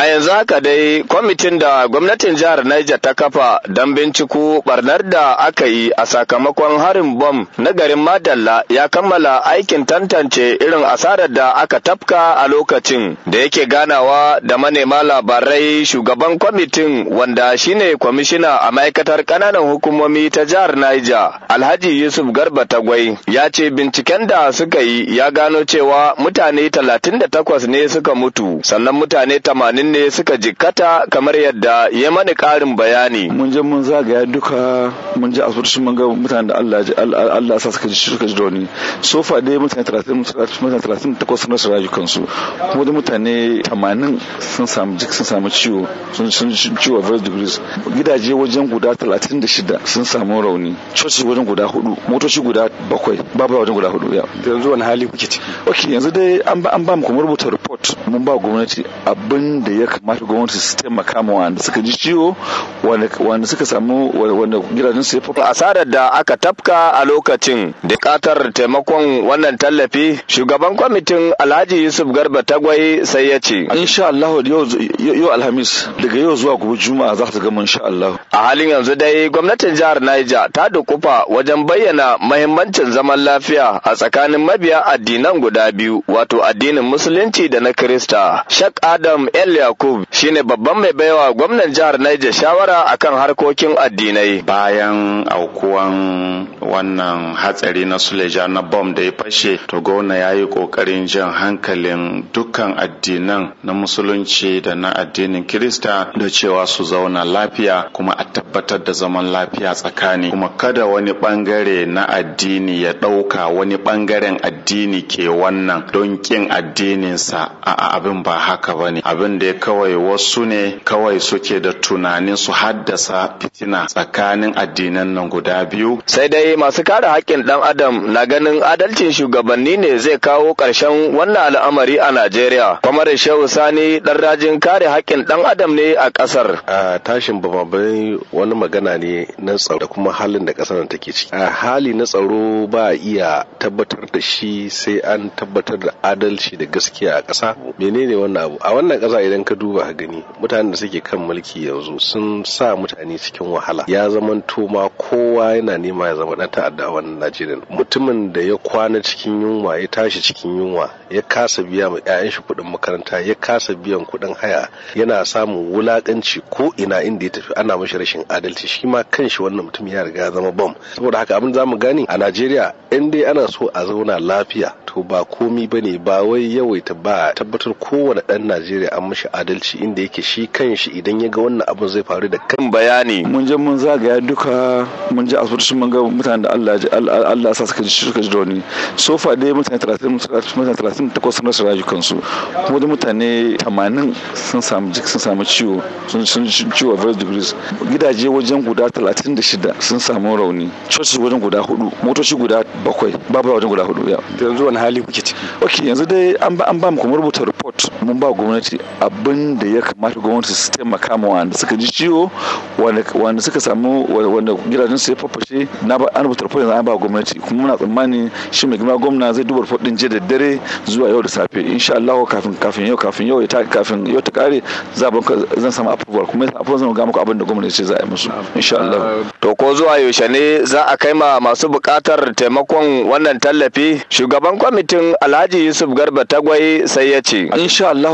A yanzu haka dai kwamitin da gwamnatin jihar Niger ta kafa don binciko barnar da aka yi a sakamakon harin bom na garin Madalla ya kammala aikin tantance irin asarar da aka tafka a lokacin da yake ganawa da manema labarai shugaban kwamitin wanda shine kwamishina a ma'aikatar ƙananan hukumomi ta jihar Niger Alhaji Yusuf Garba Tagwai ya ce binciken da suka yi ya gano cewa mutane 38 ne suka mutu sannan mutane 80 ne suka jikata kamar yadda ya mani ƙarin bayani. Mun je mun zagaya duka mun je asibiti mun ga mutanen da Allah Allah sa suka ji suka ji rauni. So far dai mutane 30 mutane 38 sun rasa rayukansu. Kuma da mutane 80 sun samu jik sun samu ciwo sun sun ciwo very degrees. Gidaje wajen guda 36 sun samu rauni. Coci wajen guda hudu, motoci guda bakwai, babu wajen guda hudu ya. Yanzu wani hali kuke ciki? Ok yanzu dai an ba mu kuma rubuta report mun ba gwamnati abin da ya kamata gwamnati su taimaka ma wanda suka ji ciwo wanda suka samu wanda gidajen su ya asarar da aka tafka a lokacin da katar taimakon wannan tallafi shugaban kwamitin Alhaji Yusuf Garba Tagwai sai ya ce insha Allah yau Alhamis daga yau zuwa gobe Juma'a za ta gama insha Allah a halin yanzu dai gwamnatin jihar Niger ta dukufa wajen bayyana mahimmancin zaman lafiya a tsakanin mabiya addinan guda biyu wato addinin musulunci da na Kirista Shak Adam Elia Yakub shine babban mai baiwa gwamnan jihar Niger shawara akan harkokin addinai. Bayan aukuwan wannan hatsari na Suleja na bom da ya fashe, to gona ya yi kokarin jan hankalin dukkan addinan na musulunci da na addinin Kirista da cewa su zauna lafiya kuma a tabbatar da zaman lafiya tsakani kuma kada wani bangare na addini ya ɗauka wani bangaren addini ke wannan don ƙin addininsa a abin ba haka bane abin da ya kawai wasu ne kawai suke da tunanin su haddasa fitina tsakanin addinan nan guda biyu. Sai dai masu kare haƙƙin ɗan adam na ganin adalcin shugabanni ne zai kawo ƙarshen wannan al'amari a Najeriya. Kamar Shehu Sani ɗan rajin kare haƙƙin ɗan adam ne a ƙasar. A tashin bababai wani magana ne na tsaro da kuma halin da ƙasar take ciki. A hali na tsaro ba iya tabbatar da shi sai an tabbatar da adalci da gaskiya a ƙasa. Menene wannan abu? A wannan ƙasa idan ka duba a gani mutanen da suke kan mulki yanzu sun sa mutane cikin wahala ya zama ma kowa yana nema ya zama dan ta'adda a wannan Najeriya mutumin da ya kwana cikin yunwa ya tashi cikin yunwa ya kasa biya ma 'ya'yan shi kuɗin makaranta ya kasa biyan kuɗin haya yana samun wulakanci ko ina inda ya tafi ana mashi rashin adalci shi ma kanshi wannan mutum ya riga ya zama bom saboda haka abin zamu gani a Najeriya in dai ana so a zauna lafiya to ba komi ba ne ba wai yawaita ba tabbatar kowane ɗan najeriya an mashi adalci inda yake shi kan shi idan ya ga wannan abin zai faru da kan bayani mun je mun zagaya duka mun je asibiti mun ga mutanen da Allah Allah sa suka ji suka ji rauni so far dai mutane 30 mutane 38 sun rasa rayukansu kuma da mutane 80 sun samu jik sun samu ciwo sun sun ciwo various degrees gidaje wajen guda 36 sun samu rauni coci wajen guda hudu motoci guda bakwai babu wajen guda hudu yanzu wani hali kuke ciki ok yanzu dai an ba mu kuma rubuta report mun ba gwamnati abin da ya kamata gwamnati su taimaka ma wanda suka ji ciwo wanda suka samu wanda gidajen su ya farfashe na ba an rubuta report yanzu an ba gwamnati kuma muna tsammani shi mai girma gwamna zai duba report din jiya da dare zuwa yau da safe insha Allah kafin kafin yau kafin yau ta kafin yau ta kare za ban zan samu approval kuma yasa approval zan ga muku abin da gwamnati ce za a yi musu insha Allah to ko zuwa yaushe ne za a kai ma masu buƙatar taimakon wannan tallafi shugaban kwamitin alhaji yusuf garba tagwai sai ya ce insha allah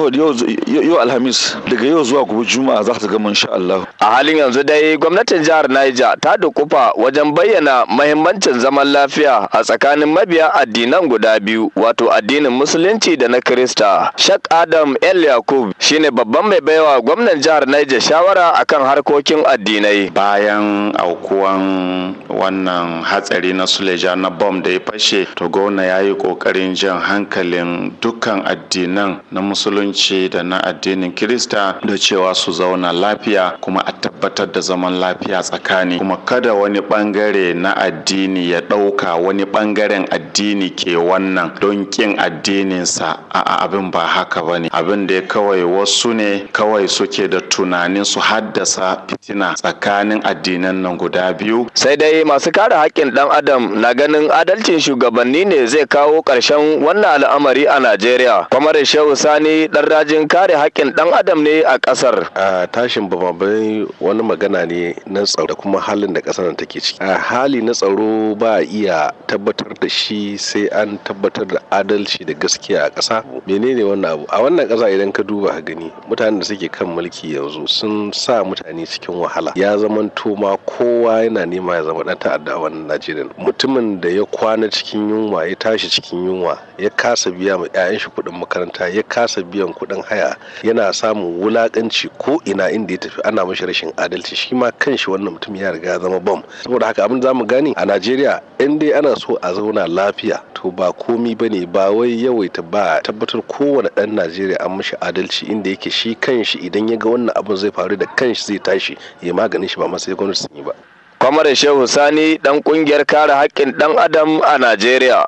yau alhamis daga yau zuwa gobe juma'a za ta gama insha allah a halin yanzu dai gwamnatin jihar niger ta dukufa wajen bayyana mahimmancin zaman lafiya a tsakanin mabiya addinan guda biyu wato addinin musulunci da na kirista shak adam el yakub shine babban mai baiwa gwamnan jihar niger shawara akan harkokin addinai bayan aukuwan wannan hatsari na suleja na bom da ya fashe to gona ya yi ƙoƙarin jan hankalin dukkan addinan na musulunci da na addinin kirista da cewa su zauna lafiya kuma a tabbatar da zaman lafiya tsakani kuma kada wani bangare na addini ya ɗauka wani bangaren addini ke wannan don ƙin addininsa a abin ba haka ba ne abin da ya kawai wasu ne kawai suke da tunanin su haddasa fitina tsakanin addinan nan guda biyu sai dai masu kare haƙƙin ɗan adam na ganin adalcin shugabanni ne zai kawo karshen wannan al'amari a Najeriya. Kwamare Shehu Sani ɗan rajin kare haƙƙin ɗan adam ne a ƙasar. A tashin bambabai wani magana ne na tsaro da kuma halin da ƙasar take ciki. A hali na tsaro ba a iya tabbatar da shi sai an tabbatar da adalci da gaskiya a ƙasa. Menene wannan abu? A wannan ƙasa idan ka duba ka gani mutanen da suke kan mulki yanzu sun sa mutane cikin wahala. Ya zamanto ma kowa yana nema ya zama ɗan ta'adda a wannan Najeriya. Mutumin da ya kwana cikin yunwa ya tashi cikin yunwa ya kasa biya ma 'ya'yan shi kuɗin makaranta ya kasa biyan kuɗin haya yana samun wulakanci ko ina inda ya tafi ana mashi rashin adalci shi ma kanshi wannan mutum ya riga ya zama bom saboda haka abin zamu gani a Najeriya in dai ana so a zauna lafiya to ba komi bane ba wai yawaita ba tabbatar kowane dan Najeriya an mashi adalci inda yake shi kanshi idan ya ga wannan abin zai faru da kanshi zai tashi ya maganin shi ba masai gwamnati sun yi ba. Kwamare Shehu Sani dan kungiyar kare haƙƙin ɗan Adam a Najeriya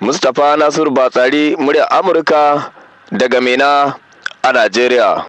Mustapha Nasiru Batsari, muryar Amurka daga Mina a Najeriya.